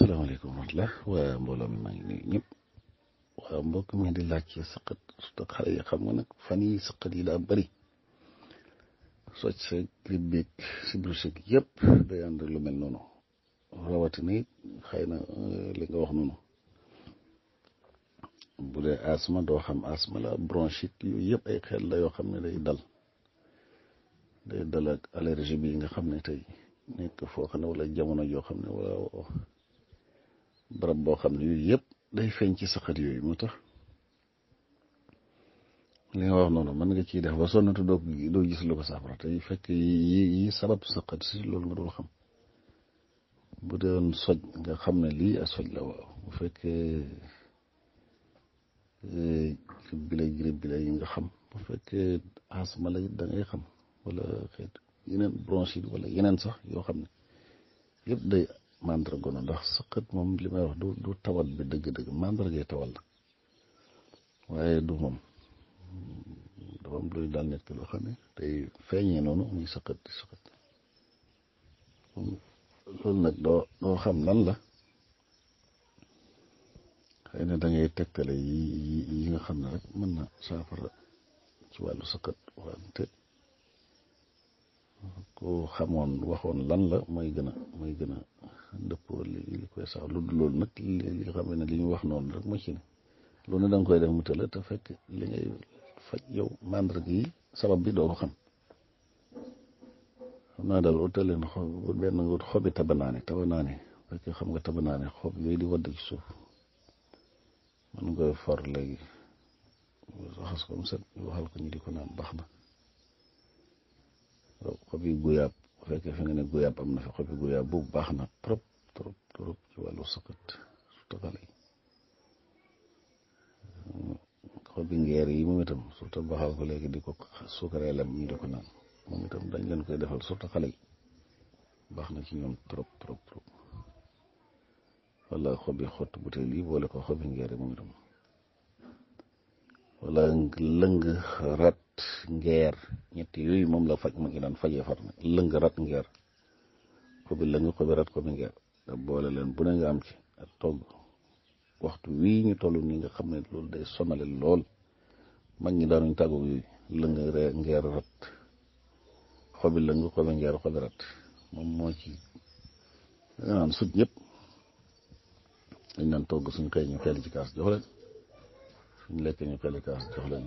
salaamaaleykum wa rahmatulah waa mbooloo mi maa ngi nuyu ñëpp di laaj ci sëqët surtout yi xam nga nag fan yi sëqët yi daa bëri socc sa grippe beeg si biir lu mel noonu rawatina it xëy na euh, li nga wax noonu bu dee asma doo xam asma la bronchite yooyu yëpp ay xel la yoo xam ne day dal day dal ak bi nga xam ne tey nekk foo xam ne wala jamono joo xam ne wala. barab boo xam ne yooyu yëpp day feeñ ci saxat yooyu moo tax li wax noonu mën nga ciy def ba sonnatu doo doo gis lu ko saafara te fekk yi yi sabab saxat si loolu nga dul xam bu doon soj nga xam ne lii ak soj la waaw bu fekkee eh, grib bi lay xam bu fekkee asma la it xam wala xeet yeneen bronchite wala yeneen sax yoo xam ne yëpp day mandarga na ndax sëqët moom li may wax du du tawat bi dëgg-dëgg mandargay tawal la waaye du mom dafa am luy daal nit ki loo xam ne tey feeñee noonu muy sëqët di sëqët loolu nag doo doo xam lan la xëy na da ngay tegtale xam ne mën na saafara ci wàllu sëqët wante xamoon waxoon lan la mooy gën a mooy dëppoo li li koy sax lu dul loolu nag li nga xam ne li wax noonu rek moo ci ne loolu nag da nga koy def mu tëla te fekk li ngay faj yow mandarga yi sabab bi doo ko xam xam naa daal utal leen xob benn xobi tabanaane tabanaane fekk xam nga tabanaane xob yooyu di wadd ci suuf mën nga koy for léegi raxas ko mu set waxal ko ñu di ko naan baax na xob yi guyaab bu fekkee fi nga ne guyaab am na fa xobi guyaab bu baax na trop trop trop ci wàllu sëqët surtout xale yi xobi ngeer yi moom itam surtout baxal ko léegi di ko suukaree lem ñu di ko naan moom itam dañ leen koy defal surtout xale baax na ci ñoom trop trop trop wala xobi xott yi boole ko xobi ngeer yi moom itam wala lëng ngeer ñetti yooyu moom la faj ma ngi daan fajee far nag lëng rat ngeer xobi lëng xobi rat xobi ngeer da boole leen bu ne nga am ci ak togg waxtu wii ñu toll ni nga xam ne loolu day sonale lool mag ñi daanuñ tàggoo yooyu lëng ngeer rat xobi lëng xobi ngeer xobi rat moom moo ci danga sut ñëpp dañ naan togg suñ xëy ñu xel ci kaas jox leen suñ lekk ñu xel ci kaas jox leen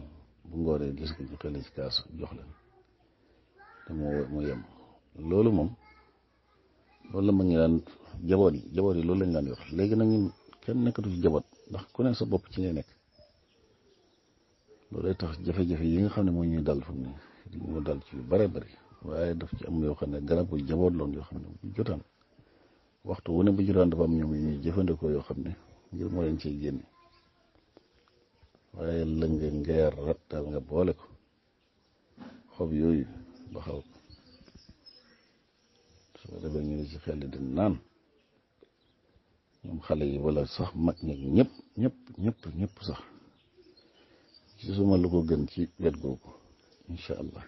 bu ngoonee gis nga ñu xëy ci kaas jox leen te moo moo yem loolu moom loolu la ma ngi daan jaboot yi jaboot yi loolu lañ daan yor léegi nag ñun kenn nekkatu ci jaboot ndax ku ne sa bopp ci ngay nekk loolu day tax jafe-jafe yi nga xam ne mooy ñuy dal fu mu ne moo dal ci yu bare bari waaye daf ci am yoo xam ne garabu jaboot loon yoo xam ne bu jotaan waxtu wu ne bu jotaan dafa am ñoom yu ñuy jëfandikoo yoo xam ne ngir moo leen ciy génne waaye lëng ngeer rattal nga boole ko xob yooyu baxal ko su ko defee ñu ngi si xel di naan ñoom xale yi wala sax mag ñi ñëpp ñëpp ñëpp ñëpp sax ci suma lu gën ci wet googu incha allah